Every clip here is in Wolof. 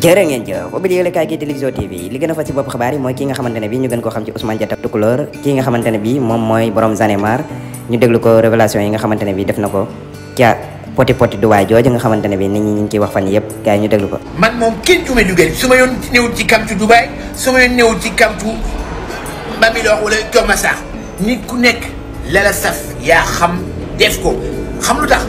jërë ngeen jëf ubbi yëgle kaay gi di Ligzo TV li gën a fas ci bopp xabaar yi mooy ki nga xamante ne bi ñu gën koo xam ci Ousmane Diatta Tukulóor ki ko révélation yi nga xamante bi def na ko ca poti poti duwaay jooju nga xamante ne bi nit ñi ñu ngi ciy wax fan yëpp gars yi ñu déglu ko man moom kenn juma dugal su ma yoon néewul ci kamtu Dubaay su ma yoon néewul ci kamtu Bambilor wala Keur Massar nit ku nekk la la saf yaa xam def ko xam lu tax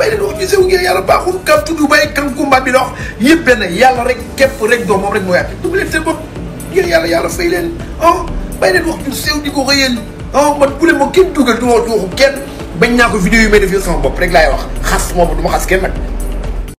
bàyyi leen utiliser wu ngeen yàlla baaxul kam tudd bàyyi kam kumbaat bi dox yëpp benn yàlla rek képp rek doom moom rek moo yàq dugg leen seen bopp ngeen yàlla yàlla fay leen ah oh, bàyyi leen wax ju sew di ko rëyal ah oh, man bu leen ma kenn dugal du ma waxu kenn bañ naa ko vidéo yu may def sama bopp rek laay wax xas moom du ma xas kenn nag